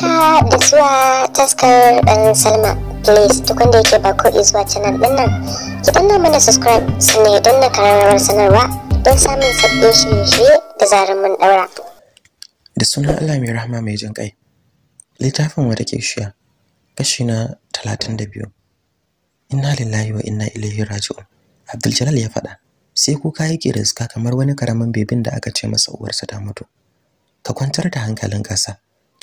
haka da zuwa taskar dan salma please duk wanda yake ba ko zuwa canal din nan ki danna mana subscribe sannan ya danna karamar sanarwa don samun sabbin shirye-shirye da zarar mun daura da sunan allah mai rahama mai jin kai littafin wata ke shiya kashi na talatin da biyu inna lillahi wa inna ilaihi raji'un abdul jalal ya faɗa sai kuka yake da zuka kamar wani karamin bebin da aka ce masa uwarsa ta mutu ka kwantar da hankalin ƙasa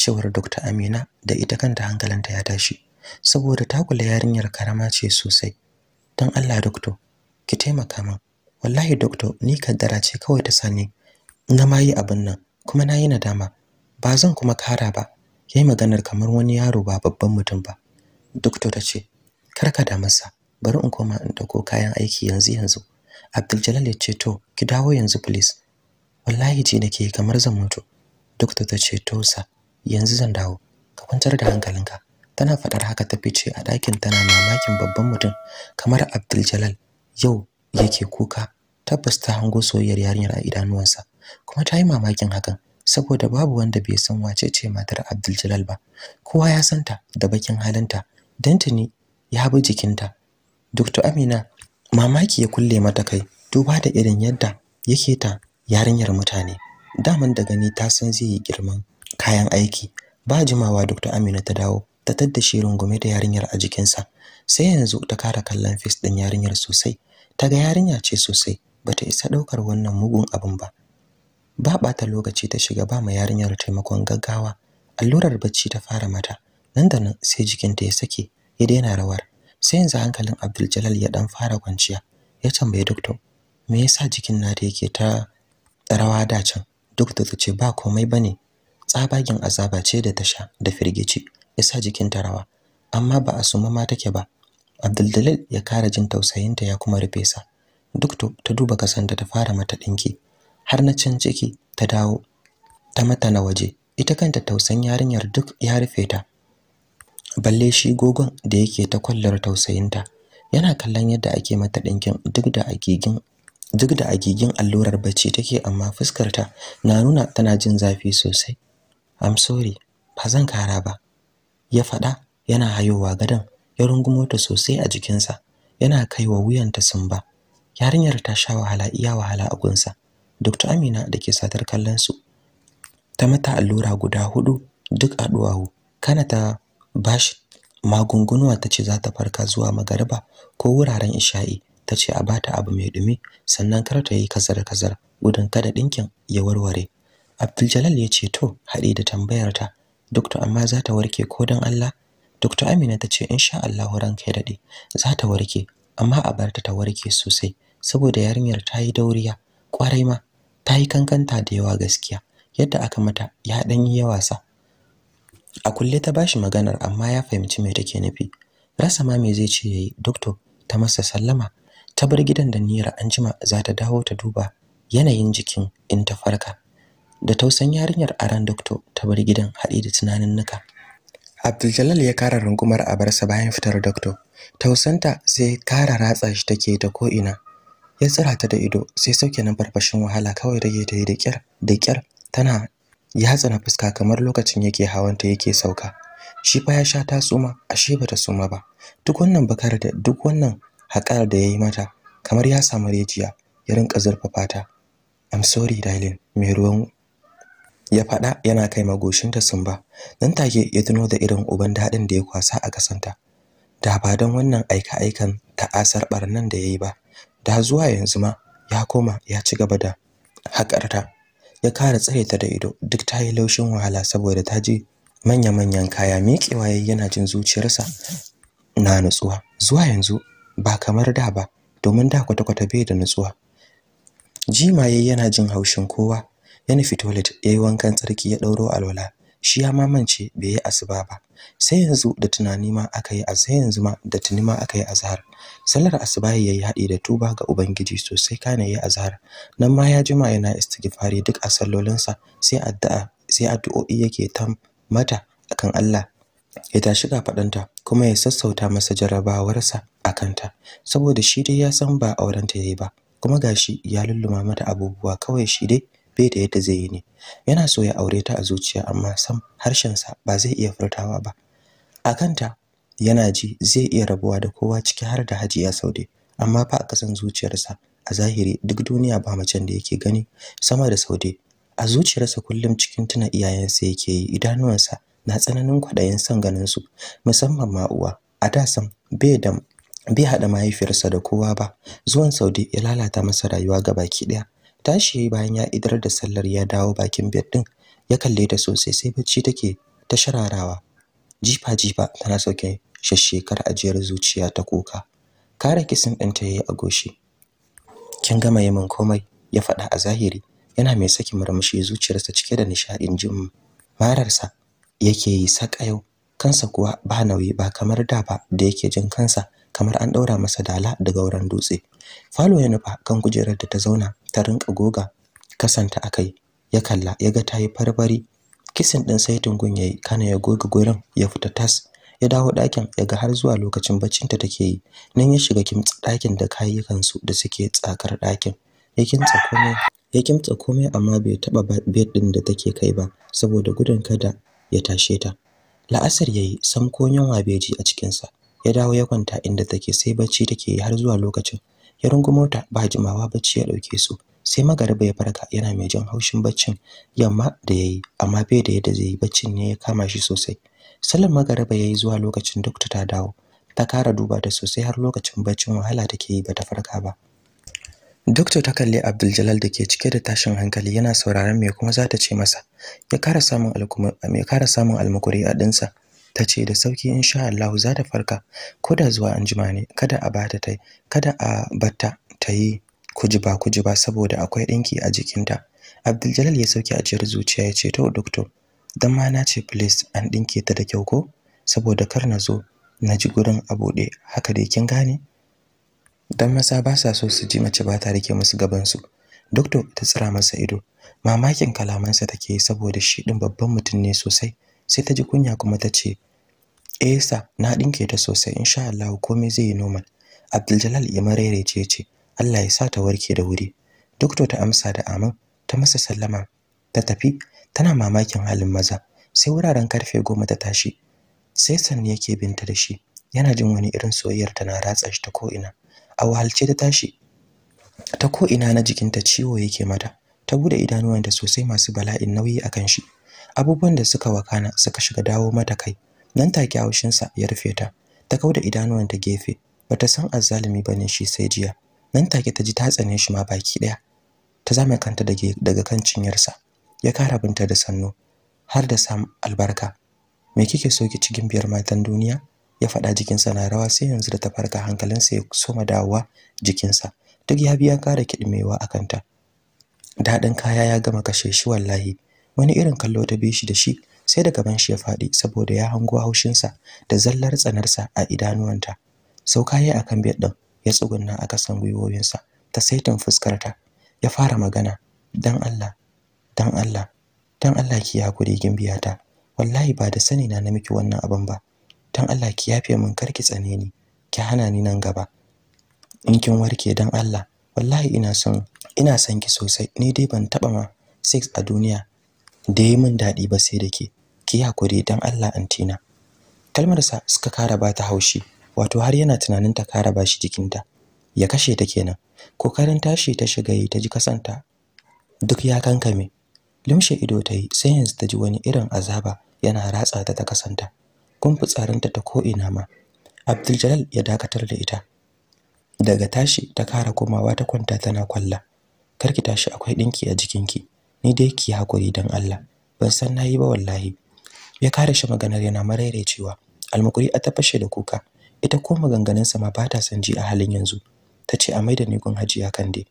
cewar Dr. Amina da ita kanta hankalinta ya tashi saboda ta kula yarinyar karama ce sosai. Don Allah doctor, ki taimaka min. Wallahi doctor, ni kaddara ce kawai ta sani. Na mayi abin nan kuma na yi nadama. Ba zan kuma kara ba. Yayi maganar kamar wani yaro ba babban mutum ba. Doctor ta ce, kar ka da masa, bari in koma in dauko kayan aiki yanzu yanzu." Abdul Jalal ya ce, "To, ki dawo yanzu please." Wallahi ji nake kamar zan mutu. Doctor ta ce, "To sa, yanzu zan dawo ka kwantar da hankalinka tana faɗar haka ta fice a ɗakin tana mamakin babban mutum kamar Abdul Jalal yau yake kuka tabbas ta hango soyayyar yarinyar a idanuwansa kuma ta yi mamakin hakan saboda babu wanda bai san wace ce matar Abdul ba kowa ya santa da bakin halinta dan tuni ya bi jikinta Dr. Amina mamaki ya kulle mata kai duba da irin yadda yake ta yarinyar mutane daman da gani ta san zai yi girman kayan aiki ba jimawa Dr. Amina ta dawo ta tadda shi rungume da yarinyar a jikinsa sai yanzu ta kara kallon fis din yarinyar sosai ta ga yarinya ce sosai bata isa ɗaukar wannan mugun abin ba ba bata lokaci ta shiga ba ma yarinyar taimakon gaggawa allurar bacci ta fara mata nan da nan sai jikinta ya sake ya daina rawar sai yanzu hankalin Abdul Jalal ya dan fara kwanciya ya tambaye doctor me yasa jikin na da yake ta rawa da can da ta ce ba komai bane tsabagen azaba ce da tasha da firgici yasa ta rawa amma ba a suma ma take ba Abdul ya kara jin tausayinta ya kuma rufe sa duk to ta duba kasan da ta fara mata dinki har na can ciki ta dawo ta mata na waje ita kanta tausan yarinyar duk ya rufe ta balle shi gogon da yake ta kwallon tausayinta yana kallon yadda ake mata dinkin duk da agigin duk da agigin allurar bacci take amma fuskar ta na nuna tana jin zafi sosai I'm sorry, ba zan kara ba. Ya faɗa yana hayowa gadon, ya rungumo ta sosai a jikinsa, yana kaiwa wuyanta sumba. Yarinyar ta sha wahala iya wahala a gunsa. Dr. Amina da ke satar kallon su. Ta mata allura guda hudu duk a duwawu. Kana ta bashi magungunuwa ta ce za ta farka zuwa magariba ko wuraren isha'i. Ta ce a bata abu mai dumi sannan kar ta yi kazar-kazar gudun kada ɗinkin ya warware. Abdul ya ce to haɗe da tambayar ta doctor amma za ta warke ko dan Allah Dr. Amina ta ce insha Allah ranka ya dade za ta warke amma a barta ta warke sosai saboda yarinyar ta yi dauriya kwarai ma ta yi kankanta da yawa gaskiya yadda aka mata ya dan yi yawa sa a kulle ta bashi maganar amma ya fahimci me take nufi rasa ma me zai ce yayi doctor ta masa sallama ta bar gidan da niyar anjima za ta dawo ta duba yanayin jikin in ta farka da tausan yarinyar aran doctor ta bar gidan haɗe da tunanin nuka Abdul ya kara rungumar a barsa bayan fitar doctor tausanta sai kara ratsa shi take ta ko ina ya tsira ta da ido sai sauke nan farfashin wahala kawai rage ta da kyar da kyar tana Ya na fuska kamar lokacin yake hawanta yake sauka shi fa ya sha ta suma ashe bata suma ba duk wannan bakar da duk wannan haƙar da yayi mata kamar ya samu rijiya ya rinka zurfafa ta I'm sorry darling mai ruwan ya faɗa yana kai magoshinta sumba nan take ya tuno da irin uban daɗin da ya kwasa a kasanta da ba dan wannan aika-aikan ta'asar barnan da yayi ba da zuwa yanzu ma ya koma ya ci gaba da hakarta ya kare tsare ta da ido duk ta yi laushin wahala saboda ta ji manya-manyan kaya miƙewa yayi yana jin zuciyarsa na nutsuwa zuwa yanzu ba kamar da ba domin da kwata-kwata bai da nutsuwa jimaye yana jin haushin kowa ya nufi toilet ya yi wankan tsarki ya ɗauro alwala shi ya mamance bai yi asuba ba sai yanzu da tunani ma aka yi sai yanzu ma da tuni ma aka yi azhar sallar asuba ya yi haɗi da tuba ga ubangiji sosai kana yi azhar nan ma ya jima yana istighfari duk a sallolinsa sai addu'a sai addu'o'i yake tam mata akan Allah ya tashi faɗanta kuma ya sassauta masa jarabawarsa a kanta saboda shi dai ya san ba aurenta yi ba kuma gashi ya lulluma mata abubuwa kawai shi dai bai da yadda zai yi ne yana so ya aure ta a zuciya amma sam sa ba zai iya furtawa ba a kanta yana ji zai iya rabuwa da kowa ciki har da hajiya saude amma fa a kasan zuciyarsa a zahiri duk duniya ba macen da yake gani sama da saude a zuciyarsa kullum cikin tuna iyayensa yake yi idanuwansa na tsananin kwaɗayin son ganin su musamman ma uwa a da sam bai da bai haɗa mahaifiyarsa da kowa ba zuwan Saude ya lalata masa rayuwa ga baki ɗaya tashi yayi bayan ya idar da sallar ya dawo bakin bed din ya kalle ta sosai sai bacci take ta shararawa jifa jifa tana sauke shashshekar ajiyar zuciya ta kuka kare kisin ɗinta yayi a goshi kin gama yi min komai ya faɗa a zahiri yana mai saki murmushi zuciyarsa cike da nishaɗin jin mararsa yake yi sakayau kansa kuwa ba nauyi ba kamar da ba da yake jin kansa kamar an ɗaura masa dala daga wurin dutse falo ya nufa kan kujerar da ta zauna ta rinka goga kasanta akai ya kalla ya ga tayi farfari kisin din sai tungun yayi kana ya goga gurin ya fita tas ya dawo ɗakin ya ga har zuwa lokacin baccin ta take yi nan ya shiga kim ɗakin da kayyukan su da suke tsakar ɗakin ya kimtsa komai ya kimtsa komai amma bai taba bed din da take kai ba saboda gudun kada ya tashe ta la'asar yayi sam ko yunwa bai ji a cikin sa ya dawo ya kwanta inda take sai bacci take yi har zuwa lokacin ya rungumo ta ba jimawa bacci ya dauke su sai magaraba ya farka yana mai jin haushin baccin yamma da yayi amma bai da yadda zai yi baccin ne ya kama shi sosai sallan ya yayi zuwa lokacin dokta ta dawo ta kara duba ta sosai har lokacin baccin wahala take yi bata farka ba dokta ta kalli Abdul da ke cike da tashin hankali yana sauraron me kuma za ta ce masa ya kara samun alkuma me kara samun almukuri a dinsa ta ce da sauki insha Allah za ta farka ko da zuwa anjima ne kada a bata tai kada a batta ta yi kujiba kujiba saboda akwai ɗinki a jikinta Abdul Jalal ya sauke ajiyar zuciya ya ce to doctor dan ma na ce please an dinke ta da kyau ko saboda kar na zo na ji gurin a buɗe haka dai kin gane dan maza ba sa so su ji mace ba ta rike musu gaban su doctor ta tsira masa ido mamakin kalamansa take saboda shi din babban mutum ne sosai sai ta ji kunya kuma ta ce esa eh, sa na dinke ta sosai insha Allah komai zai yi normal Abdul ya marerece ce Allah ya sa ta warke da wuri doctor ta amsa da amin ta masa sallama ta tafi tana mamakin halin maza sai wuraren karfe goma ta tashi sai sanni yake binta da shi yana jin wani irin soyayyar ta na ratsa shi ta ko'ina a wahalce ta tashi ta ko'ina na jikinta ciwo yake mata ta bude idanuwanta sosai masu bala'in nauyi akan shi abubuwan da suka wakana suka shiga dawo mata kai nan take haushinsa ya rufe ta ta kauda idanuwan ta gefe bata san azzalumi bane shi sai jiya nan take ta ji ta tsane shi ma baki daya ta zama kanta daga kan cinyarsa ya kara binta da sannu har da sam albarka me kike so ki cikin biyar matan duniya ya faɗa jikinsa na rawa sai yanzu da ta farka sa ya soma dawowa jikinsa duk ya biya kara kiɗimewa a kanta daɗin kaya ya gama kashe shi wallahi wani irin kallo ta bi shi da shi sai da gaban shi ya faɗi saboda ya hango haushinsa da zallar tsanarsa a idanuwanta sauka ya akan bed din ya tsugunna a kasan gwiwoyinsa ta saitin fuskarta ya fara magana dan Allah dan Allah dan Allah ki hakuri gimbiyata wallahi ba da sani na miki wannan abin ba dan Allah ki yafe min karki tsane ni ki hana ni nan gaba in kin warke dan Allah wallahi ina son ina son ki sosai ni dai ban taba ma sex a duniya da yi min daɗi ba sai da ke ki hakuri dan Allah antina kalmarsa suka kara ba ta haushi wato har yana tunanin ta kara bashi jikinta ya kashe ta kenan kokarin tashi ta shiga yi ta ji kasanta duk ya kankame limshe ido ta yi sai yanzu ta ji wani irin azaba yana ratsa ta ta kasanta kun fitsarinta ta ko'ina ma Abdul ya dakatar da ita daga tashi ta kara komawa ta kwanta tana kwalla karki tashi akwai ɗinki a jikinki ni dai ki hakuri dan Allah ban san nayi ba wallahi ya kare shi maganar yana mararecewa almukuri a tafashe da kuka ita ko maganganun sa ma ba ta san ji a halin yanzu tace a maida ni gun hajiya kan dai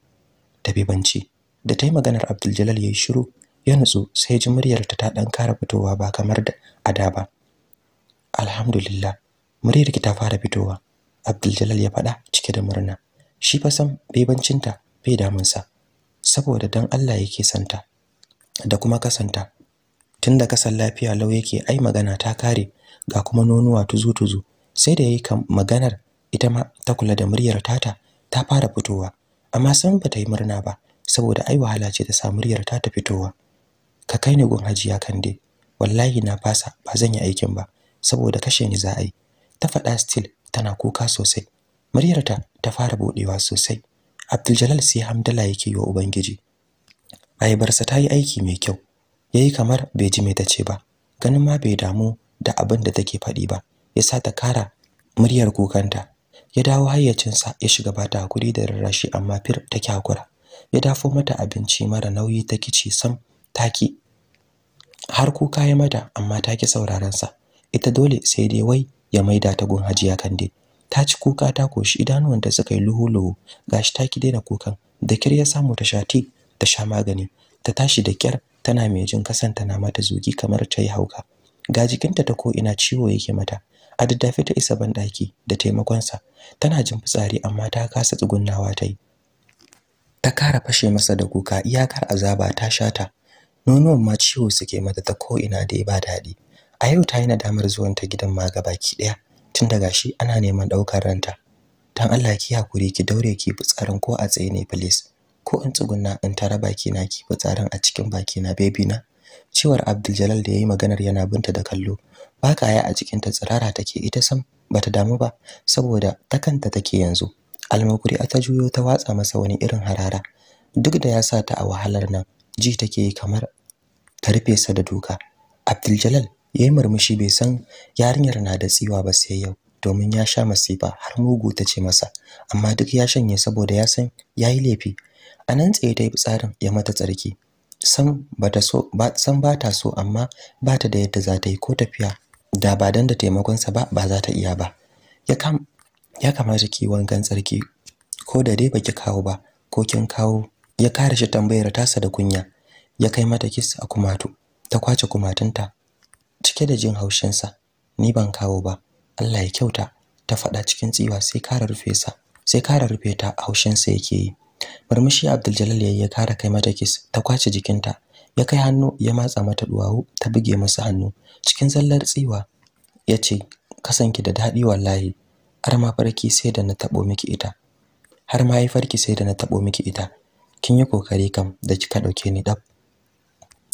da banci da tai maganar Abdul Jalal yayi shiru ya nutsu sai ji muryar ta ta dan kara fitowa ba kamar da ada ba alhamdulillah muryar ki ta fara fitowa Abdul ya faɗa cike da murna shi fa san bebancinta bai damunsa saboda dan Allah yake santa da kuma kasanta tunda kasan lafiya lau yake ai magana ta kare ga kuma nonuwa tuzu tuzu sai da yayi maganar ita ma ta kula da muryar tata ta fara fitowa amma san bata yi murna ba saboda ai wahala ce ta sa muryar tata fitowa ka kai ni gun hajiya kan dai wallahi na fasa ba zan yi aikin ba saboda kashe ni za a yi ta faɗa still tana kuka sosai muryarta ta fara buɗewa sosai Abdul sai hamdala yake yi wa ubangiji Ayyabarsa ta yi aiki mai kyau. Ya yi kamar bai ji mai ta ce ba. Ganin ma bai damu da abin da take faɗi ba. Ya sa ta kara muryar kukanta. Ya dawo hayyacinsa ya shiga bata hakuri da rarrashi amma fir ta hakura. Ya dafo mata abinci mara nauyi ta kici sam ta taki. Har kuka ya mata amma ta ki sa. Ita dole sai dai wai ya maida ta gun Hajiya Kande. Ta ci kuka ta koshi idanuwanta suka yi luhu-luhu gashi ta ki daina kukan da kir ya samu ta shati ta sha magani ta tashi da kyar tana mai jin kasanta na mata zugi kamar ta yi hauka ga jikinta ta ko ina ciwo yake mata a daddafe ta isa banɗaki da taimakonsa tana jin fitsari amma ta kasa tsugunnawa ta yi ta kara fashe masa da kuka iyakar azaba ta sha ta. nonon ma ciwo suke mata ta ko ina da ba daɗi a yau ta yi nadamar zuwan ta gidan ma gabaki ɗaya tun daga shi ana neman ɗaukar ranta dan Allah ki hakuri ki daure ki fitsarin ko a tsaye ne please ko in tsugunna in tara bakina ki fitsarin a cikin bakina baby na cewar Abdul Jalal da yayi maganar yana binta da kallo ba ya a cikin ta tsirara take ita sam bata damu ba saboda takanta take yanzu almakuri ta juyo ta watsa masa wani irin harara duk da ya sa ta a wahalar nan ji take kamar ta rufe sa da duka Abdul Jalal yayi murmushi bai san yarinyar na da tsiwa ba sai yau domin ya sha masifa har mugu ta ce masa amma duk ya shanye saboda ya san yayi laifi a nan tsaye ta yi fitsarin ya mata tsarki san ba ta so amma ba ta da yadda za ta yi ko tafiya da ba dan da taimakonsa ba ba za ta iya ba ya kamata ki wangan tsarki ko da dai baki kawo ba ko kin kawo ya kare shi tambayar tasa da kunya ya kai mata kiss a kumatu ta kwace kumatunta cike da jin haushinsa ni ban kawo ba Allah ya kyauta ta faɗa cikin tsiwa sai kara rufe sa sai kara rufe ta haushinsa yake yi murmushi Abdul ya yi ya kara kai mata kiss ta kwace jikinta ya kai hannu ya matsa mata duwawu ta buge masa hannu cikin zallar tsiwa yace kasanki da daɗi, wallahi har ma farki sai da na tabo miki ita har ma yi farki sai da na taɓo miki ita kin yi kokari kam da kika ɗauke ni dab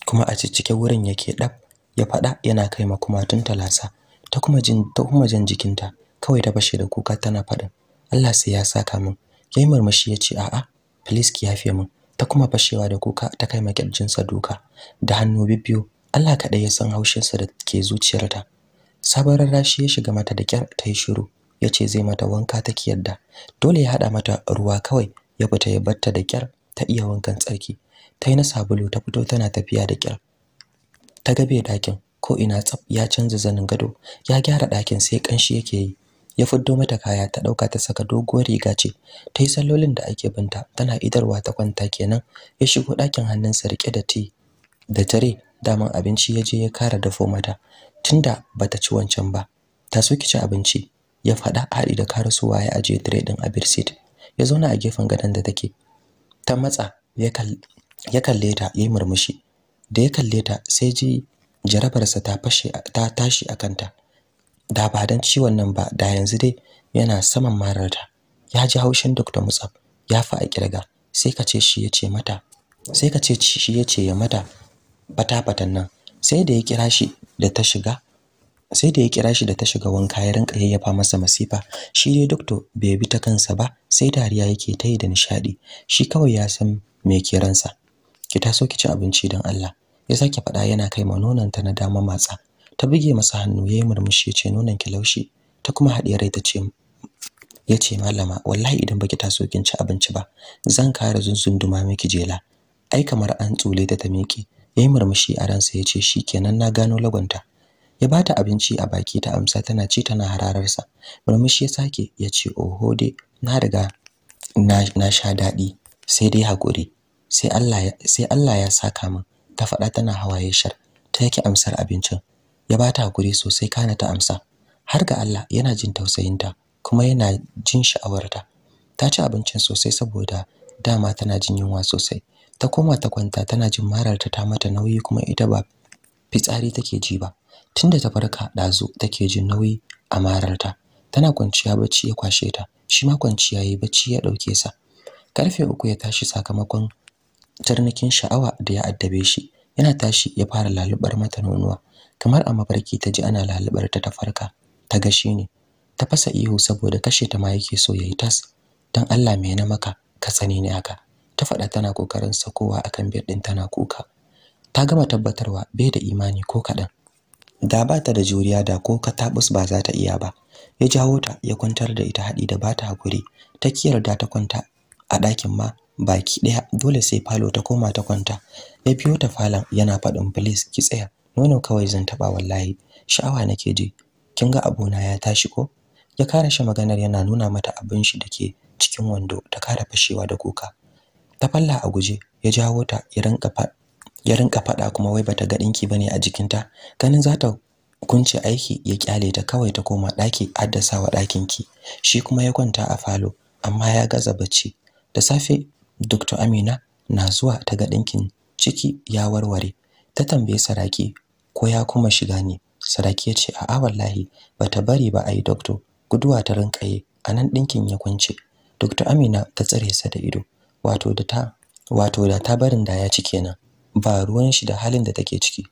kuma a cikin wurin yake dab ya fada yana kai makumatun talasa ta kuma jin ta kuma jan jikinta kawai ta bashe da kuka tana faɗin, Allah sai ya saka min yayi murmushi yace a'a please ki yafe min ta kuma fashewa da kuka ta kai makirjinsa duka da hannu bibbiyu Allah kaɗai ya san haushinsa da ke zuciyarta sabarar rashi ya shiga mata da kyar ta yi shiru ya ce zai mata wanka ta ki yadda dole ya haɗa mata ruwa kawai ya fita ya batta da kyar ta iya wankan tsarki ta yi na sabulu ta fito tana tafiya da kyar ta gabe dakin ko ina tsaf ya canza zanin gado ya gyara dakin sai kanshi yake yi ya fiddo mata kaya ta dauka ta saka doguwar riga ce ta yi sallolin da ake binta tana idarwa ta kwanta kenan ya shigo ɗakin hannunsa rike da ti da tare daman abinci ya je ya kara dafo mata tunda bata ci wancan ba ta so ki ci abinci ya faɗa haɗi da karasuwa ya aje tire ɗin a birsit ya zauna a gefen gadon da take ta matsa ya kalle ta ya murmushi da ya kalle ta sai ji jarabarsa ta fashe ta tashi a kanta da ba dan ciwon nan ba da yanzu dai yana saman mararta ya ji haushin Dr. Musab ya fi a kirga sai ka ce shi yace mata sai ka ce shi yace ya mata fatafatan nan sai da ya kira shi da ta shiga sai da ya kira shi da ta shiga wanka ya rinka yayyafa masa masifa shi dai doctor bai bi ta kansa ba sai dariya yake ta yi da nishadi shi kawai ya san me ke ransa ki taso ki ci abinci don Allah ya sake faɗa yana kai ma nonon na dama matsa ta buge masa hannu yayi murmushi yace nonon ki laushi ta kuma haɗe rai tace yace malama wallahi idan baki taso kin ci abinci ba zan kare zunzunduma miki jela ai kamar an tsule ta ta miki yayi murmushi a ransa yace shikenan na gano lagonta ya bata abinci a baki ta amsa tana ci tana hararsa murmushi ya sake yace oho de na riga na sha daɗi sai dai hakuri sai Allah sai Allah ya saka min ta faɗa tana hawaye shar ta yake amsar abincin ya bata hakuri sosai kana ta amsa har ga Allah yana jin tausayinta kuma yana jin sha'awarta ta ci abincin sosai saboda dama tana jin yunwa sosai ta koma ta kwanta tana jin mararta ta mata nauyi kuma ita ba fitsari take ji ba tunda ta farka dazu take jin nauyi a mararta tana kwanciya bacci ya kwashe ta shi ma kwanciya yayi bacci ya dauke sa karfe uku ya tashi sakamakon tarnikin sha'awa da ya addabe shi yana tashi ya fara lalubar mata nonuwa kamar a mafarki ta ji ana lalubar ta ta farka ta ga shi ne ta fasa ihu saboda kashe ta ma yake so yayi tas dan Allah me na maka ka tsane ni haka ta faɗa tana kokarin sakowa akan bed din tana kuka ta gama tabbatarwa bai da imani ko kaɗan da ba ta da juriya da ko ka tabus ba za ta iya ba ya jawo ta ya kwantar da ita haɗi da ba ta hakuri ta yarda ta kwanta a ɗakin ma baki ɗaya dole sai falo ta koma ta kwanta ya biyo ta falon yana faɗin please ki tsaya nono kawai zan taba wallahi sha'awa nake ji kin ga abona ya tashi ko ya kare shi maganar yana nuna mata abin shi dake cikin wando ta kara fashewa da kuka ta falla a guje ya jawo ta ya rinka fa ya rinka fada kuma wai bata ga dinki bane a jikinta ganin za ta kunce aiki ya kyale ta kawai ta koma daki addasawa dakin ki shi kuma ya kwanta a falo amma ya gaza bacci da safe Dr. Amina na zuwa ta ga dinkin ciki ya warware ta tambaye saraki ko ya kuma shiga ne saraki ya ce a'a wallahi bata bari ba a yi doctor guduwa ta rinkaye anan dinkin ya kwance doctor Amina ta tsare sa da ido wato da ta barin da ya ci kenan ba ruwan shi da halin da take ciki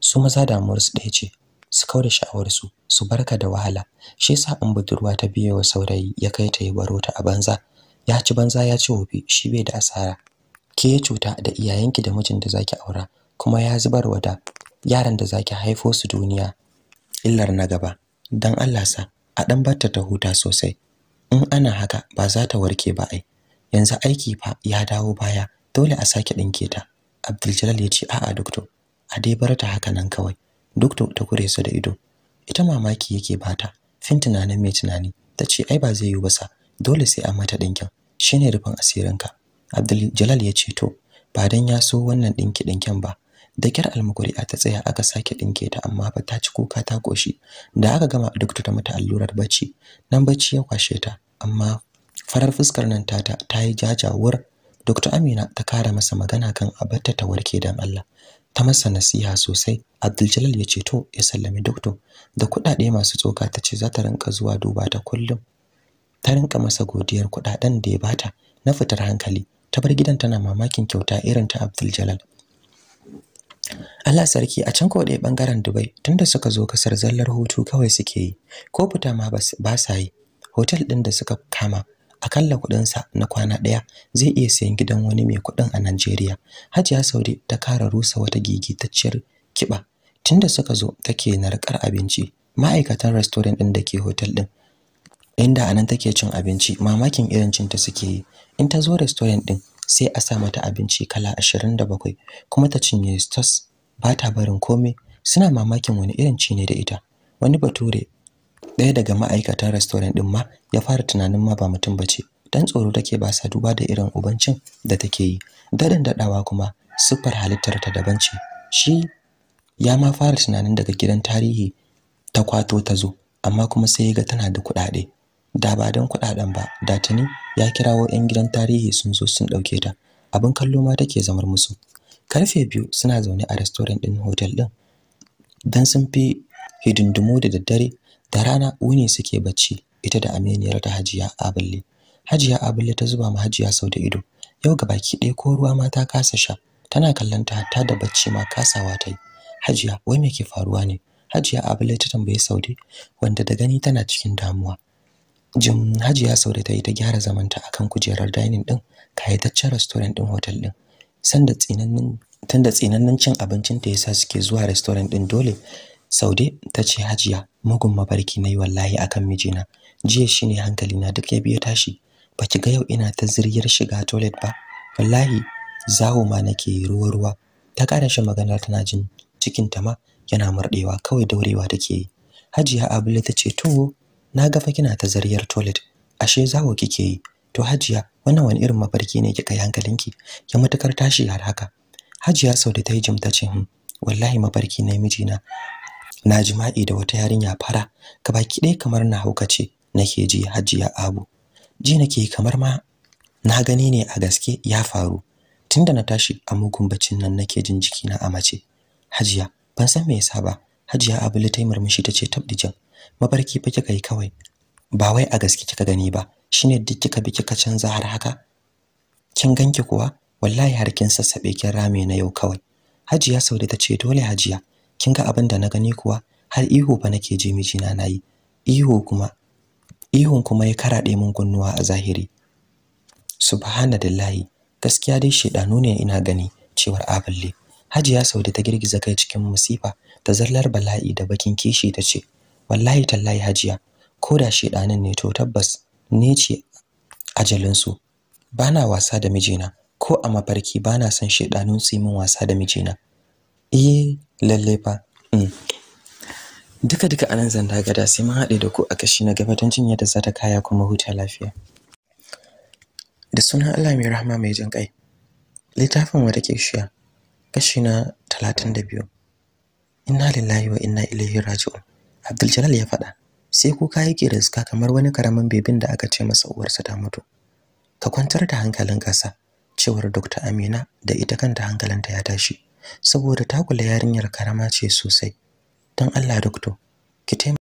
su maza damuwar su ɗaya ce su kaura sha'awar su su barka da wahala shi yasa in budurwa ta biye wa saurayi ya kai ta yi baro ta a banza ya ci banza ya ci wofi shi bai da asara ke cuta da iyayenki da mijin da zaki aura kuma ya zubar wada yaran da zaki haifo su duniya illar na gaba dan Allah sa a dan barta ta huta sosai in ana haka ba za ta warke ba ai yanzu aiki fa ya dawo baya dole a sake dinke ta Abdul ya ce a'a doctor a dai bar ta haka nan kawai doctor ta kure su da ido ita mamaki yake bata fin tunanin mai tunani ta ce ai ba zai yiwu ba sa dole sai a mata dinkin shine rufin asirinka Abdul Jalal ya ce to ba dan ya so wannan dinki dinkin ba da kyar almukuri'a ta tsaya aka sake dinke ta amma ba ta ci kuka ta koshi da aka gama duk ta mata allurar bacci nan bacci ya kwashe ta amma farar fuskar nan tata ta yi jajawar Dr. Amina ta kara masa magana kan abarta ta warke dan Allah ta masa nasiha sosai Abdul ya ce to ya sallami doctor da kuɗaɗe masu tsoka ta ce za ta rinka zuwa duba ta kullum ta rinka masa godiyar kuɗaɗen da ya bata na fitar hankali ta bar gidan tana mamakin kyauta irin ta Abdul Jalal Allah sarki a can kodai bangaren Dubai tunda suka zo kasar zallar hutu kawai suke yi ko fita ma ba sa yi hotel din da suka kama akalla kudin sa na kwana daya zai iya sayan gidan wani mai kudin a Najeriya Hajiya Saudi ta kara rusa wata gigitacciyar kiba tunda suka zo take narkar abinci ma'aikatan restaurant din dake hotel din inda anan take cin abinci mamakin irin cinta suke yi in ta zo restaurant din sai a sa mata abinci kala 27 kuma ta cinye stos ba ta barin komai suna mamakin wani irin ci ne da ita wani bature ɗaya daga ma'aikatan restaurant din ma ya fara tunanin ma ba mutum bace dan tsoro take ba sa duba da irin ubancin da take yi dadan dadawa kuma siffar halittar ta daban ce shi ya ma fara tunanin daga gidan tarihi ta kwato ta zo amma kuma sai ya ga tana da kuɗaɗe da ba don kuɗaɗen ba da tuni ya kirawo 'yan gidan tarihi sun zo sun ɗauke ta abin kallo ma take zamar musu karfe biyu suna zaune a restaurant din hotel ɗin dan sun fi hidindimu da daddare da rana wuni suke bacci ita da aminiyar ta hajiya abulle hajiya abulle ta zuba ma hajiya sau da ido yau ga baki ɗaya ko ruwa ma ta kasa sha tana kallon ta hatta da bacci ma kasawa ta yi hajiya wai me ke faruwa ne hajiya abulle ta tambayi saudi wanda da gani tana cikin damuwa jim hajiya saude ta yi ta gyara zamanta akan kujerar dining ɗin kayataccen restaurant din hotel ɗin, sanda tsinannen tsinannen cin abincin ta yasa suke zuwa restaurant ɗin dole saude ta ce hajiya mugun mabarki na yi wallahi akan mijina jiya shine hankali na duk ya biya tashi Ba ki ga yau ina ta ziryar shiga toilet ba wallahi zawo ma nake ruwa ruwa ta ƙara shi magana tana jin cikin ta ma yana murɗewa kawai daurewa take yi hajiya abule ta ce to na ga fa kina ta zariyar toilet ashe zawo kike yi to hajiya wannan wani irin mafarki ne kika yi hankalinki ya matukar tashi har haka hajiya sau da ta yi jim ta ce hmm, wallahi mafarki na mijina na jima'i da wata yarinya fara ka baki ɗaya kamar na ce nake ji hajiya abu ji nake kamar ma na gani ne a gaske ya faru tunda na tashi a mugun baccin nan nake jin jikina a mace hajiya ban san me yasa ba hajiya abu ta yi murmushi ta ce tabdijan Mabarki fa kika yi kawai ba wai a gaske kika gani ba shine duk kika bi kika canza har haka kin ganki kuwa wallahi har kin sassabe kin rame na yau kawai Hajiya Saude ta ce dole Hajiya kin ga abin da na gani kuwa har ihu fa nake ji mijina nayi ihu kuma ihun kuma ya karaɗe min kunnuwa a zahiri subhanallahi gaskiya dai shedanu ne ina gani cewar abulle Hajiya Saude ta girgiza kai cikin musifa ta zallar bala'i da bakin kishi ta ce wallahi tallahi hajiya ko da shedanin ne to tabbas ne ce jalinsu? bana wasa da mijina ko a mafarki bana son shedanun su yi min wasa da mijina eh lalle fa mm. duka duka anan zan daga da sai mun haɗe da ku a kashi na gaba don jin yadda za ta kaya kuma huta lafiya da sunan Allah mai rahama mai jin kai littafin wa take shiya kashi na 32 inna lillahi wa inna ilaihi raji'un Abdul ya faɗa. Sai kuka yake rizka kamar wani karamin bebin da aka ce masa uwarsa ta mutu. Ka kwantar da hankalin kasa, cewar Dr. Amina da ita kanta hankalinta ya tashi, saboda ta kula yarinyar karama ce sosai. Don Allah, Dokto, ki taimaka